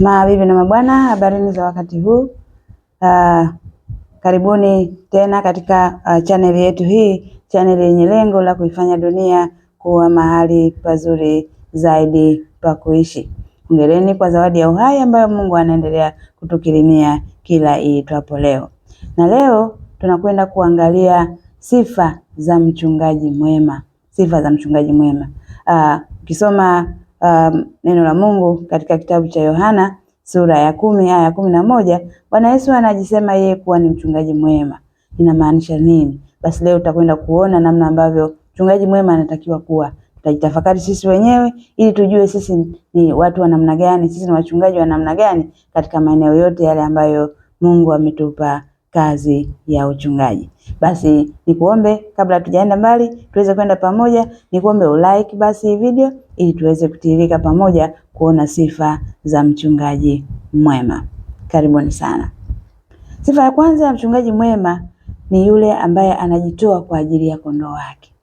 Mabibi na mabwana, habarini za wakati huu. Uh, karibuni tena katika uh, ah, chaneli yetu hii, chaneli yenye lengo la kuifanya dunia kuwa mahali pazuri zaidi pa kuishi. Hongereni kwa zawadi ya uhai ambayo Mungu anaendelea kutukirimia kila iitwapo leo, na leo tunakwenda kuangalia sifa za mchungaji mwema, sifa za mchungaji mwema. Ah, ukisoma um, neno la Mungu katika kitabu cha Yohana sura ya kumi aya ya kumi na moja Bwana Yesu anajisema yeye kuwa ni mchungaji mwema. Inamaanisha nini? Basi leo utakwenda kuona namna ambavyo mchungaji mwema anatakiwa kuwa. Tutajitafakari sisi wenyewe ili tujue sisi ni watu wa namna gani, sisi ni wachungaji wa namna gani katika maeneo yote yale ambayo Mungu ametupa kazi ya uchungaji. Basi nikuombe kabla tujaenda mbali, tuweze kwenda pamoja, nikuombe ulike basi hii video ili tuweze kutiririka pamoja kuona sifa za mchungaji mwema. Karibuni sana. Sifa ya kwanza ya mchungaji mwema ni yule ambaye anajitoa kwa ajili ya kondoo wake.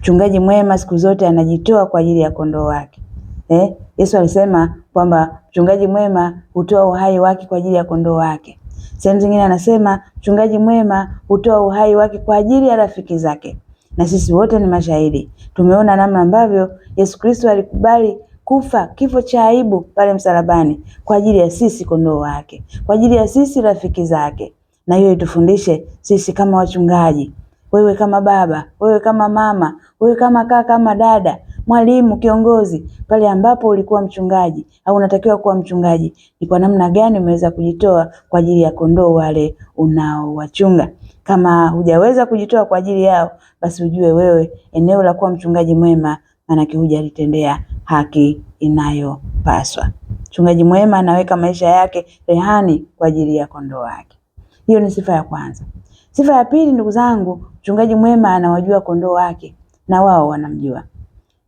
Mchungaji mwema siku zote anajitoa kwa ajili ya kondoo wake. Eh, Yesu alisema kwamba mchungaji mwema hutoa uhai wake kwa ajili ya kondoo wake. Sehemu zingine anasema mchungaji mwema hutoa uhai wake kwa ajili ya rafiki zake, na sisi wote ni mashahidi. Tumeona namna ambavyo Yesu Kristo alikubali kufa kifo cha aibu pale msalabani kwa ajili ya sisi kondoo wake, kwa ajili ya sisi rafiki zake. Na hiyo itufundishe sisi kama wachungaji, wewe kama baba, wewe kama mama, wewe kama kaka, kama dada, mwalimu, kiongozi, pale ambapo ulikuwa mchungaji au unatakiwa kuwa mchungaji, ni kwa namna gani umeweza kujitoa kwa ajili ya kondoo wale unaowachunga. Kama hujaweza kujitoa kwa ajili yao, basi ujue wewe eneo la kuwa mchungaji mwema, maanake hujalitendea haki inayopaswa. Mchungaji mwema anaweka maisha yake rehani kwa ajili ya kondoo wake. Hiyo ni sifa ya kwanza. Sifa ya pili, ndugu zangu, mchungaji mwema anawajua kondoo wake na wao wanamjua.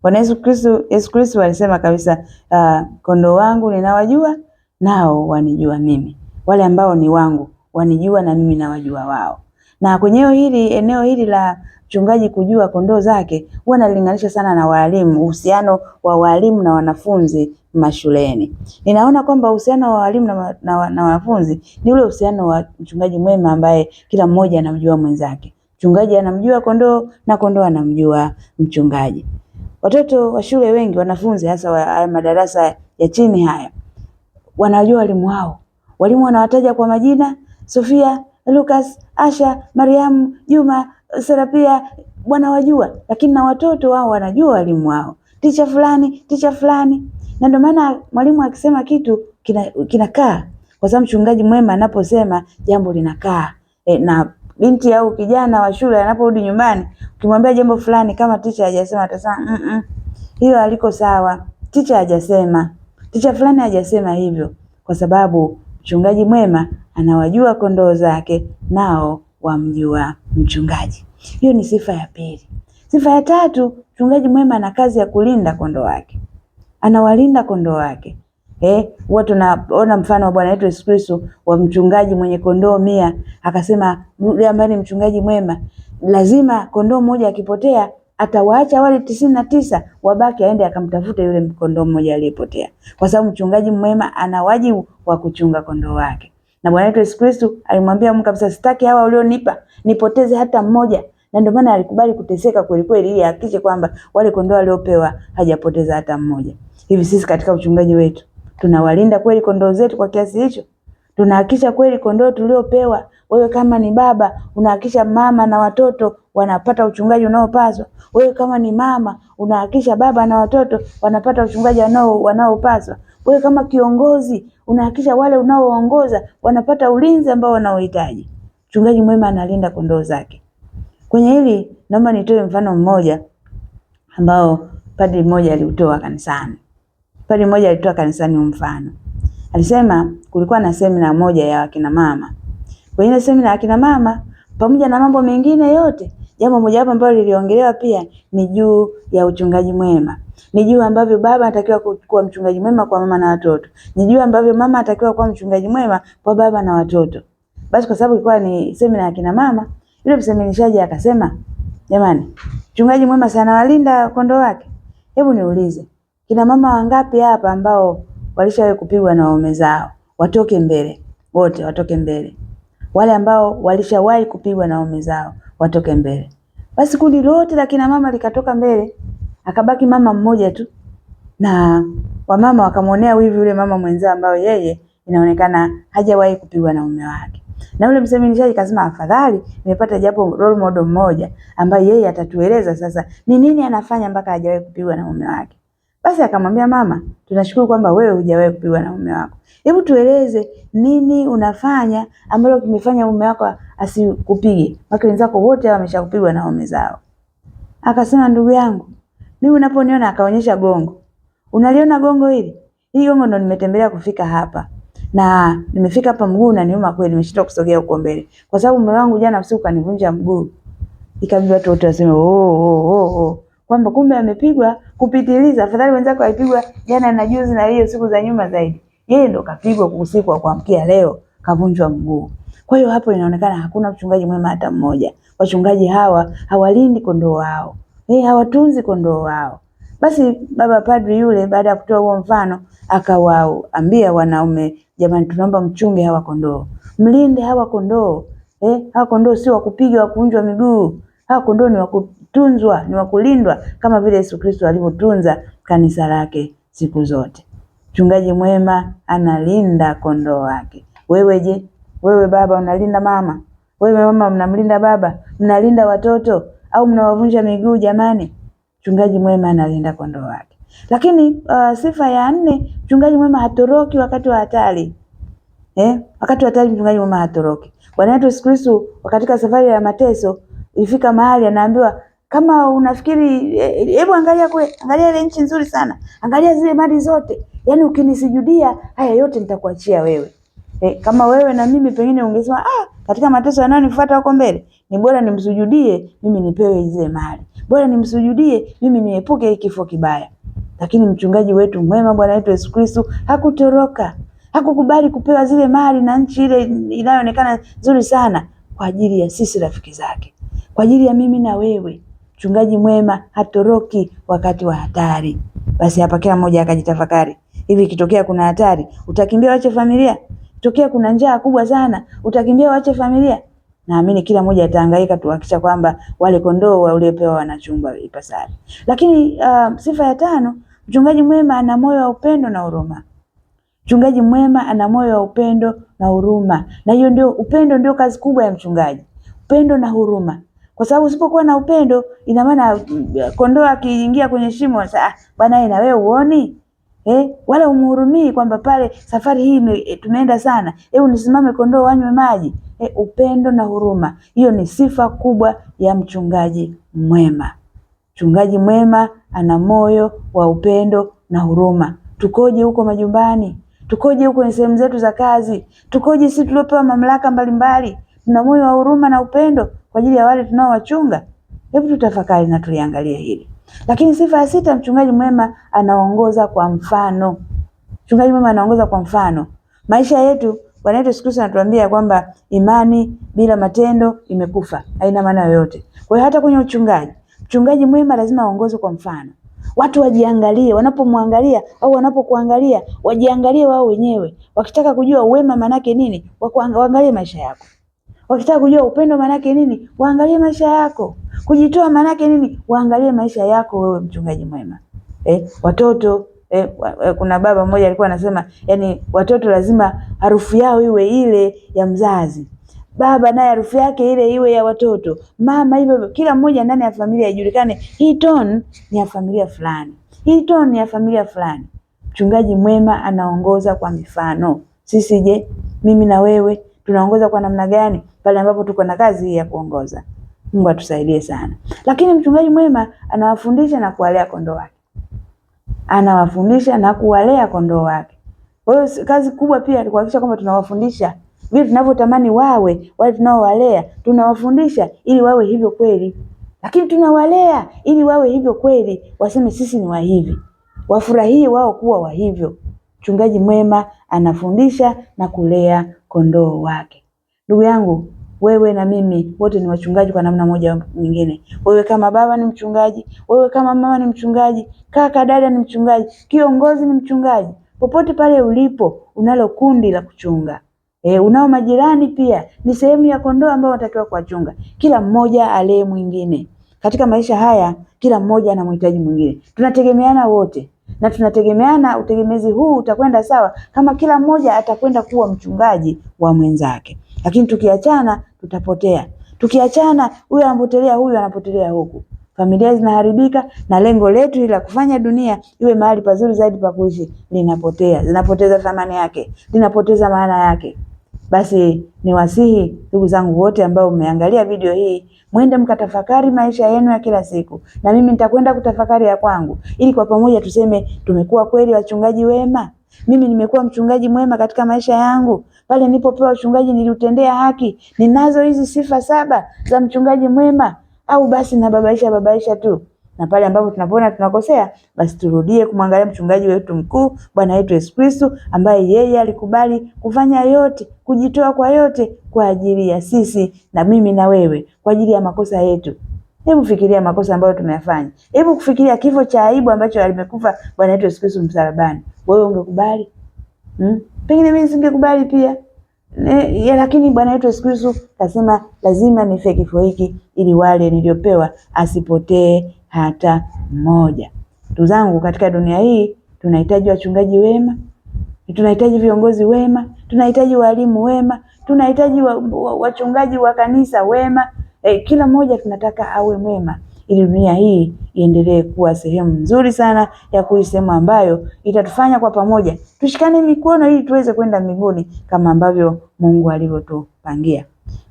Bwana Yesu Kristo Yesu Kristo alisema kabisa, uh, kondoo wangu ninawajua nao wanijua mimi, wale ambao ni wangu wanijua na mimi nawajua wao. Na kwenye hili eneo hili la mchungaji kujua kondoo zake, huwa nalinganisha sana na walimu, uhusiano wa walimu na wanafunzi mashuleni. Ninaona kwamba uhusiano wa walimu na, na, na wanafunzi ni ule uhusiano wa mchungaji mwema ambaye kila mmoja anamjua mwenzake. Mchungaji anamjua kondoo na kondoo anamjua mchungaji. Watoto wa shule wengi, wanafunzi hasa wa madarasa ya chini haya, wanajua walimu wao. Walimu wanawataja kwa majina: Sofia, Lucas, Asha, Mariamu, Juma, Serapia, wanawajua. Lakini na watoto wao wanajua walimu wao, ticha fulani, ticha fulani. Na ndio maana mwalimu akisema kitu kinakaa kina, kwa sababu mchungaji mwema anaposema jambo linakaa e, na binti au kijana wa shule anaporudi nyumbani, ukimwambia jambo fulani kama ticha hajasema, atasema mm -mm, hiyo haliko sawa, ticha hajasema, ticha fulani hajasema hivyo, kwa sababu mchungaji mwema anawajua kondoo zake nao wamjua mchungaji. Hiyo ni sifa ya pili. Sifa ya tatu, mchungaji mwema ana kazi ya kulinda kondoo wake, anawalinda kondoo wake. Eh, huwa tunaona mfano wa Bwana wetu Yesu Kristo wa mchungaji mwenye kondoo mia akasema yule ambaye ni mchungaji mwema lazima kondoo mmoja akipotea atawaacha wale tisini na tisa wabaki aende akamtafute yule kondoo mmoja aliyepotea, kwa sababu mchungaji mwema ana wajibu wa kuchunga kondoo wake. Na Bwana wetu Yesu Kristo alimwambia Mungu kabisa, sitaki hawa ulionipa nipoteze hata mmoja, na ndio maana alikubali kuteseka kweli kweli, ili ahakikishe kwamba wale kondoo aliopewa hajapoteza hata mmoja. Hivi sisi katika uchungaji wetu tunawalinda kweli kondoo zetu kwa kiasi hicho? Tunahakisha kweli kondoo tuliopewa, wewe kama ni baba unahakisha mama na watoto wanapata uchungaji unaopaswa. Wewe kama ni mama unahakisha baba na watoto wanapata uchungaji wanao wanaopaswa. Wewe kama kiongozi unahakisha wale unaoongoza wanapata ulinzi ambao wanaohitaji. Mchungaji mwema analinda kondoo zake. Kwenye hili naomba nitoe mfano mmoja ambao padri mmoja aliutoa kanisani. Padri mmoja alitoa kanisani mfano, alisema kulikuwa na semina moja ya wakina mama. Kwenye ile semina ya wakina mama, pamoja na mambo mengine yote, jambo moja hapo ambalo liliongelewa pia ni juu ya uchungaji mwema ni juu ambavyo baba anatakiwa kuwa mchungaji mwema kwa mama na watoto, ni juu ambavyo mama anatakiwa kuwa mchungaji mwema kwa baba na watoto. Basi kwa sababu ilikuwa ni semina ya kina mama, yule mseminishaji akasema, jamani, mchungaji mwema sana walinda kondoo wake, hebu niulize, Kina mama wangapi hapa ambao walishawahi kupigwa na waume zao? Watoke mbele wote, watoke mbele. Wale ambao walishawahi kupigwa na waume zao watoke mbele. Basi kundi lote la kina mama likatoka mbele, akabaki mama mmoja tu, na wamama wakamwonea wivu yule mama mwenzao ambao yeye inaonekana hajawahi kupigwa na mume wake. Na yule mseminishaji kasema, afadhali nimepata japo role model mmoja ambaye yeye atatueleza sasa ni nini anafanya mpaka hajawahi kupigwa na mume wake. Basi akamwambia mama, tunashukuru kwamba wewe hujawahi kupigwa na mume wako. Hebu tueleze nini unafanya ambalo kimefanya mume wako asikupige, wake wenzako wote wameshakupigwa na waume zao. Akasema, ndugu yangu, mimi unaponiona, akaonyesha gongo. Unaliona gongo hili? Hii gongo ndo nimetembelea kufika hapa na nimefika hapa, mguu unaniuma kweli, nimeshindwa kusogea huko mbele, kwa sababu mume wangu jana usiku kanivunja mguu. Ikabidi watu wote waseme oh, oh, oh, oh, kwamba kumbe amepigwa kupitiliza. Afadhali wenzako alipigwa jana na juzi na hiyo siku za nyuma zaidi, yeye ndo kapigwa usiku wa kuamkia leo, kavunjwa mguu. Kwa hiyo hapo inaonekana hakuna mchungaji mwema hata mmoja. Wachungaji hawa hawalindi kondoo wao, yeye hawatunzi kondoo wao. Basi baba padri yule baada ya kutoa huo mfano akawaambia wanaume, jamani, tunaomba mchunge hawa kondoo, mlinde hawa kondoo eh, hawa kondoo sio wakupiga, wakunjwa miguu, hawa kondoo ni wakutunzwa, ni wakulindwa kama vile Yesu Kristo alivyotunza kanisa lake siku zote. Mchungaji mwema analinda kondoo wake. Wewe je, wewe baba unalinda mama? Wewe mama mnamlinda baba? Mnalinda watoto au mnawavunja miguu? Jamani, mchungaji mwema analinda kondoo wake. Lakini uh, sifa ya nne, mchungaji mwema hatoroki wakati wa hatari. Eh, wakati wa hatari mchungaji mwema hatoroki. Bwana wetu Yesu Kristo katika safari ya mateso ifika mahali anaambiwa kama unafikiri, hebu angalia kwe, angalia ile nchi nzuri sana, angalia zile mali zote, yaani ukinisujudia haya yote nitakuachia wewe. E, kama wewe na mimi pengine ungesema ah, katika mateso yanayonifuata huko mbele ni bora nimsujudie mimi nipewe zile mali, bora nimsujudie mimi niepuke hiki kifo kibaya. Lakini mchungaji wetu mwema Bwana wetu Yesu Kristo hakutoroka, hakukubali kupewa zile mali na nchi ile inayoonekana nzuri sana kwa ajili ya sisi rafiki zake kwa ajili ya mimi na wewe. Mchungaji mwema hatoroki wakati wa hatari. Basi hapa kila mmoja akajitafakari, hivi ikitokea kuna hatari utakimbia wache familia? Tokea kuna njaa kubwa sana utakimbia wache familia? Naamini kila mmoja atahangaika tuhakisha kwamba wale kondoo waliopewa wanachumba ipasavyo. Lakini uh, sifa ya tano, mchungaji mwema ana moyo wa upendo na huruma. Mchungaji mwema ana moyo wa upendo na huruma, na hiyo ndio upendo, ndio kazi kubwa ya mchungaji, upendo na huruma kwa sababu usipokuwa na upendo, ina maana mm, kondoo akiingia kwenye shimo sasa, ah, bwana na wewe uoni eh, wala umhurumii kwamba pale safari hii me, eh, tumeenda sana hebu nisimame kondoo wanywe maji e, upendo na huruma, hiyo ni sifa kubwa ya mchungaji mwema. Mchungaji mwema ana moyo wa upendo na huruma. Tukoje huko majumbani? Tukoje huko sehemu zetu za kazi? Tukoje sisi tuliopewa mamlaka mbalimbali? Tuna moyo wa huruma na upendo? kwa ajili ya wale tunaowachunga? Hebu tutafakari na tuliangalie hili. Lakini sifa ya sita, mchungaji mwema anaongoza kwa mfano. Mchungaji mwema anaongoza kwa mfano. Maisha yetu, Bwana Yesu Kristo anatuambia kwamba imani bila matendo imekufa, haina maana yoyote. Kwa hiyo hata kwenye uchungaji, mchungaji mwema lazima aongoze kwa mfano. Watu wajiangalie, wanapomwangalia au wanapokuangalia, wajiangalie wao wenyewe. Wakitaka kujua wema maanake nini, waangalie maisha yako. Wakitaka kujua upendo maana yake nini, waangalie maisha yako. Kujitoa maana yake nini, waangalie maisha yako wewe, mchungaji mwema eh, watoto eh, eh, kuna baba mmoja alikuwa anasema yani watoto lazima harufu yao iwe ile ya mzazi baba naye harufu yake ile iwe ya watoto, mama hivyo, kila mmoja ndani ya familia ijulikane, hii tone ni ya familia fulani, hii tone ni ya familia fulani. Mchungaji mwema anaongoza kwa mifano. Sisi je, mimi na wewe tunaongoza kwa namna gani pale ambapo tuko na kazi ya kuongoza. Mungu atusaidie sana. Lakini mchungaji mwema anawafundisha na kuwalea kondoo wake, anawafundisha na kuwalea kondoo wake. Kwa hiyo kazi kubwa pia ni kuhakikisha kwamba tunawafundisha vile tunavyotamani wawe wale tunaowalea, tunawafundisha ili wawe hivyo kweli, lakini tunawalea ili wawe hivyo kweli, waseme sisi ni wa hivi, wafurahie wao kuwa wa hivyo mchungaji mwema anafundisha na kulea kondoo wake. Ndugu yangu, wewe na mimi wote ni wachungaji kwa namna moja nyingine. Wewe kama baba ni mchungaji, wewe kama mama ni mchungaji, kaka dada ni mchungaji, kiongozi ni mchungaji. Popote pale ulipo, unalo kundi la kuchunga. E, unao majirani pia ni sehemu ya kondoo ambao wanatakiwa kuwachunga, kila mmoja alee mwingine. Katika maisha haya, kila mmoja anamhitaji mwingine, tunategemeana wote na tunategemeana utegemezi huu utakwenda sawa kama kila mmoja atakwenda kuwa mchungaji wa mwenzake. Lakini tukiachana tutapotea, tukiachana huyu anapotelea huyu anapotelea huku, familia zinaharibika na lengo letu la kufanya dunia iwe mahali pazuri zaidi pa kuishi linapotea, linapoteza thamani yake, linapoteza maana yake. Basi niwasihi ndugu zangu wote ambao mmeangalia video hii, mwende mkatafakari maisha yenu ya kila siku, na mimi nitakwenda kutafakari ya kwangu, ili kwa pamoja tuseme tumekuwa kweli wachungaji wema. Mimi nimekuwa mchungaji mwema katika maisha yangu. Pale nilipopewa uchungaji niliutendea haki. Ninazo hizi sifa saba za mchungaji mwema, au basi nababaisha babaisha tu? na pale ambapo tunapoona tunakosea, basi turudie kumwangalia mchungaji wetu mkuu, Bwana wetu Yesu Kristo, ambaye yeye alikubali kufanya yote, kujitoa kwa yote kwa ajili ya sisi na mimi na wewe, kwa ajili ya makosa yetu. Hebu fikiria makosa ambayo tumeyafanya. Hebu kufikiria kifo cha aibu ambacho alimekufa Bwana wetu Yesu Kristo msalabani. Wewe ungekubali? Hmm? Pengine mimi singekubali pia. ne, ya, lakini Bwana wetu Yesu Kristo kasema lazima nife kifo hiki ili wale niliopewa asipotee hata mmoja. Ndugu zangu, katika dunia hii tunahitaji wachungaji wema, tunahitaji viongozi wema, tunahitaji walimu wema, tunahitaji wa, wa, wachungaji wa kanisa wema. E, kila mmoja tunataka awe mwema ili dunia hii iendelee kuwa sehemu nzuri sana ya kuishi, sehemu ambayo itatufanya kwa pamoja tushikane mikono ili tuweze kwenda mbinguni kama ambavyo Mungu alivyotupangia.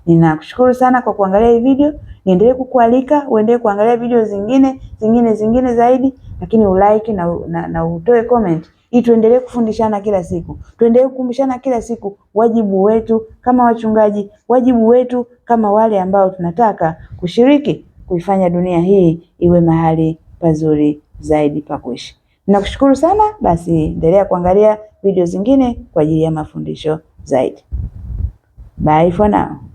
Ninakushukuru sana kwa kuangalia hii video, niendelee kukualika uendelee kuangalia video zingine zingine zingine zaidi, lakini ulike na, na, na utoe comment ili tuendelee kufundishana kila siku, tuendelee kukumbushana kila siku wajibu wetu kama wachungaji, wajibu wetu kama wale ambao tunataka kushiriki kuifanya dunia hii iwe mahali pazuri zaidi pa kuishi. Ninakushukuru sana basi, endelea kuangalia video zingine kwa ajili ya mafundisho zaidi. bye for now